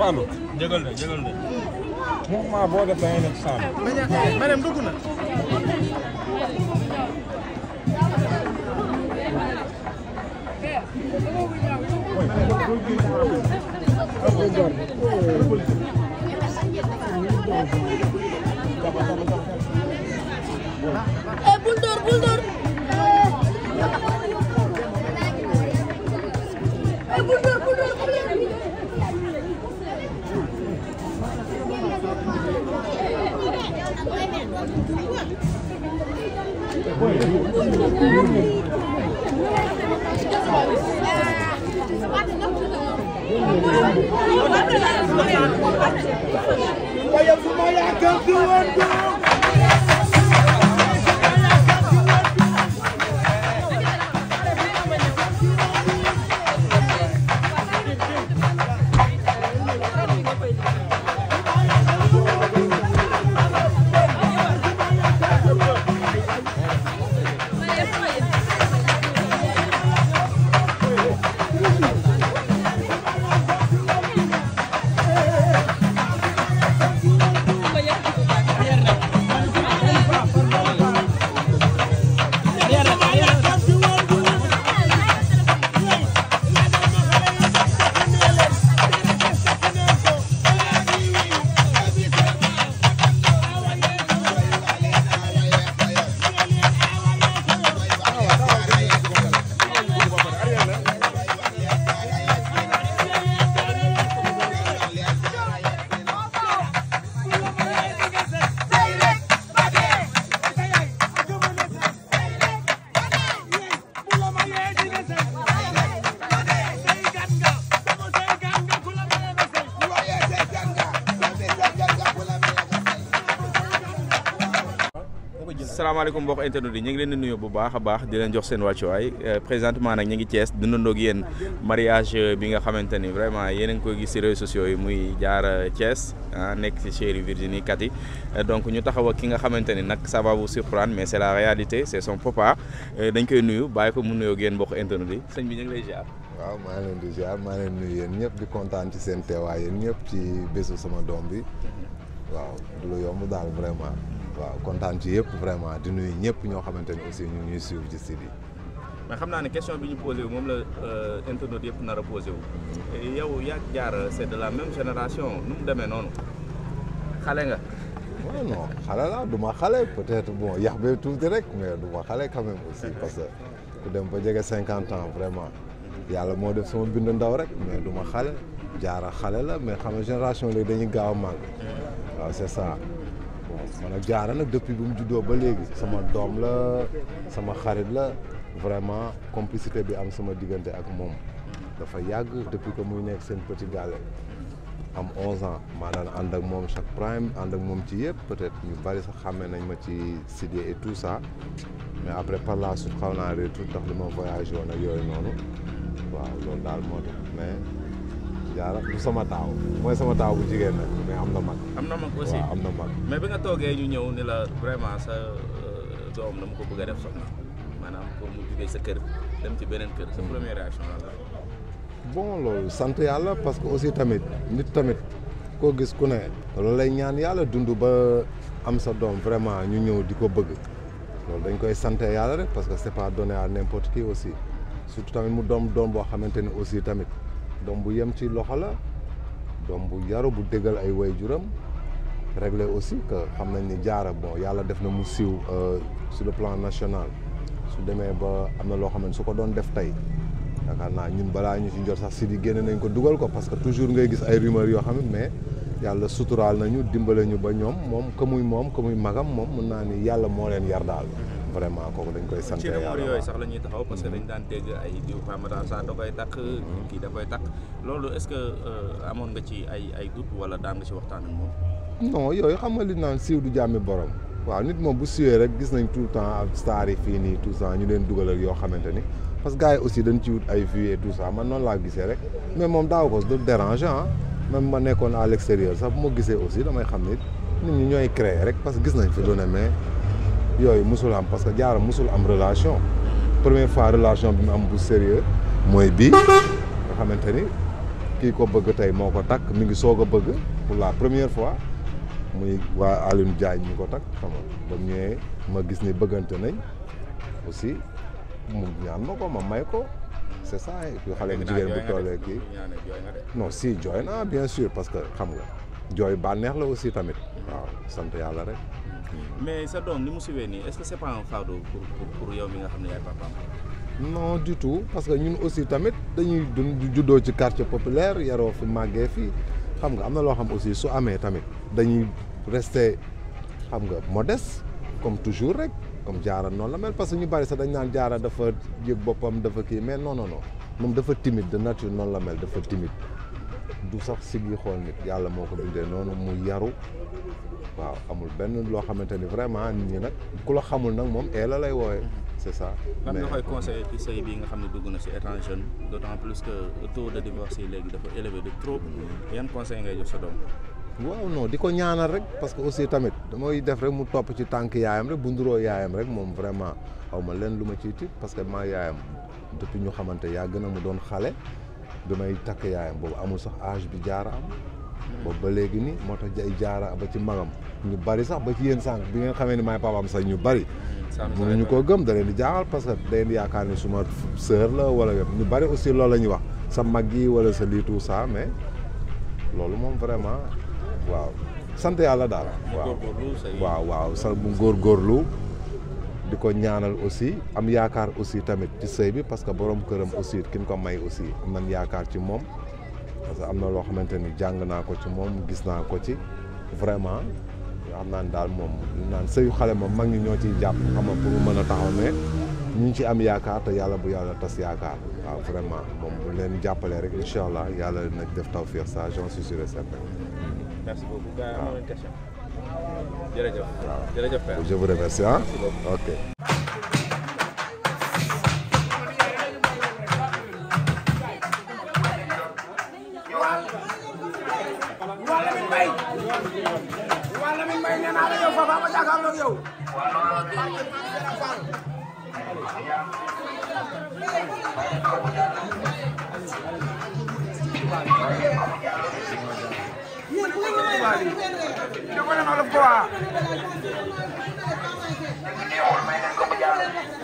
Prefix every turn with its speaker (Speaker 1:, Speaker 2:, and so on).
Speaker 1: Fallou. jégal de jégal de.
Speaker 2: mouvement boo def eh,
Speaker 1: bul door bul door. eh bul door. Why you my I can't do it, asalaamaaleykum mbokk internet yi ñu ngi leen di nuyu bu baax a baax di leen jox seen wàccuwaay euh, présentement nag ñu ngi cees dundandoo ak yéen mariage bi nga xamante ni vraiment yéen a ngi koy gis ci réseaux sociaux yi muy jaar euh, Thiès ah nekk ci chérie Virginie Kati euh, donc ñu taxaw ki nga xamante ni nag ça va vous mais c'est la réalité c'est son papa dañ koy nuyu bàyyi ko mu nuyoo ak yéen mbokk internet yi sëñ bi ñu ngi lay ziar.
Speaker 2: waaw maa leen di ziar maa leen nuyu yéen ñëpp di kontaan ci seen teewaay yéen ñëpp ci bésu sama doom bi mm-hmm. waaw du lu vraiment. waaw kontaan ci yëpp vraiment di nuyu ñëpp ñoo xamante ne aussi ñu ñuy suivre ci si bi.
Speaker 1: mais xam naa ne question bi ñu posé moom la euh, internaute yëpp nar a posé wu. yow jaar c'est de la même génération nu mu demee noonu xale nga.
Speaker 2: non xale la du ma xale peut-être bon yàq bee tuuti rek mais du ma xale quand même parce que dem ba jege cinquante ans vraiment yàlla moo def sama bind ndaw rek mais du ma xale jaara xale la mais xam nga génération léegi dañuy gaaw a màgg mm. waaw man ak jaara nag depuis bi mu juddoo ba léegi sama doom la sama xarit la vraiment complicité bi am sama diggante ak moom dafa yàgg depuis que muy nekk seen petit gàlle am 11 ans maa daan ànd ak moom chaque prime ànd ak moom ci yëpp peut-être ñu bari sax xàmmee nañ ma ci Sidy et tout ça mais après par la suite xaw naa réer tout ndax li ma voyagé woon ak yooyu noonu waaw loolu daal moo tax mais. jaara sama taaw mooy sama taaw bu jigéen nag mais am na mag. am na mag aussi am na mag.
Speaker 1: mais bi nga toogee ñu ñëw ni la vraiment sa euh, doom dama ko bëgg a def soxna maanaam pour mu jugee sa kër dem ci beneen kër sa première réaction la la.
Speaker 2: bon loolu sant yàlla parce que aussi tamit nit tamit koo gis ku ne. loolu lay ñaan yàlla dund ba am sa doom vraiment ñu ñëw di ko bëgg loolu dañ koy sant yàlla rek parce que c'est pas donné à n'importe qui aussi surtout tamit mu doom doom boo xamante ne aussi tamit. doom bu yem si loxo la doom bu yaru bu déggal ay way waajuram réglé aussi que xam nañ ni jaara bon yàlla def na mu siiw euh, si le plan national su demee ba am na loo xam ne su ko doon def tey yaakaar naa ñun balaa ñu ci jot sax si di génne nañ ko dugal ko parce que toujours ngay gis ay rumeurs yoo xam ne mais yàlla suturaal nañu dimbale ñu ba ñoom moom ka moom ka muy magam moom mën naa ni yàlla moo leen yar daal. vraiment kooku dañ koy sant yàlla ci yooyu sax
Speaker 1: la ñuy taxaw parce que dañ daan dégg ay diw Ramadan sax da mhm. takk loolu est-ce que euh, amoon nga ci ay ay doute wala daan nga ci waxtaan ak moom
Speaker 2: non yooyu xam nga li naan siiw du jàmmi borom waaw nit moom bu siwee rek gis nañ tout le temps star fii nii tout ça ñu leen dugal ak yoo xamante ni parce que gars dañ ci wut ay vues man noonu laa gisee rek mais moom daaw ko du dérange ah même ma nekkoon à l'extérieur sax bu ma gisee aussi damay xam ni nit ñi ñooy créer rek parce que gis nañ fi lu ne mais yooyu musul am parce que jaara musul am relation première fois relation bi mu am bu sérieux mooy bii nga xamante ni kii ko bëgg tey moo ko takk mi ngi soog a bëgg pour la première fois muy waa Alioune Diagne ñu ko takk xam nga ba ma gis ni bëggante nañ aussi mu ñaan ma ko ma may ko c'est ça yu xale jigéen bu toolee kii non si jooy naa bien sûr parce que xam nga jooy bànneex la aussi tamit waaw sant yàlla rek
Speaker 1: Mm. mais sa doom ni mu suwee nii est-ce que c'est pas un pour pour pour mi nga xam ne yaay papaam.
Speaker 2: non du tout parce que ñun aussi tamit dañuy dund juddoo ci quartier populaire yaroo fi màggee fii xam nga am na loo xam aussi su amee tamit dañuy rester xam nga modeste comme toujours rek comme jaara noonu la mel parce que ñu bari sax dañ naan jaara dafa yëg boppam dafa kii mais non non moom dafa timide de nature noonu la mel dafa timide du sax sigi xool nit yàlla moo ko bindee noonu mu yaru waaw amul benn loo xamante ni vraiment nit ñi nag ku la xamul nag moom ee la lay wooye mm-hmm. c'est ça lan nga koy
Speaker 1: conseillé ci nga xam ne dugg na si étant jeune plus que taux de divorce yi léegi dafa élevé de trop mm-hmm. yan conseil ngay jox sa doom
Speaker 2: waaw no di ko ñaanal rek parce que aussi tamit damay def rek mu topp ci tànk yaayam rek bu nduroo yaayam rek moom vraiment aw ma leen lu ma ci tiit parce que maa yaayam depuis ñu xamante yaa gën a mu doon xale bi may takk yaayam boobu amul sax âge bi jaara am boobu ba léegi ni moo tax ay jaara ba ci magam ñu bari sax ba ci yéen sànq bi nga xamee ni maay papaam sax ñu bari mënuñu koo gëm da leen di jaaxal parce que da yaakaar ni suma sœur la wala ñu bari aussi loolu la wax sa mag yi wala sa lii tout ça mais loolu moom vraiment waaw sant yàlla daal waaw
Speaker 1: waaw waaw sa
Speaker 2: góor góorgóorlu di ko ñaanal aussi am yaakaar aussi tamit ci sëy bi parce que borom këram aussi kin ko may aussi am nañ yaakaar ci moom parce que am na loo xamante ni jàng naa ko ci moom gis naa ko ci vraiment xam naa ne daal moom naan sëyu xale ma mag ñi ñoo ciy jàpp xam pour mën a taxaw ne ñu ngi ci am yaakaar te yàlla bu yàlla tas yaakaar waaw vraiment moom bu leen jàppalee rek incha allah yàlla nag def taw ça j'en suis sûr et certain.
Speaker 1: merci beaucoup gars yi amoon waaw jërëjëf Père. je vous
Speaker 2: waa Lamine Mbaye waa Lamine Mbaye nee naa la yow foofa ma jàkkaarloo yow Yo con el malo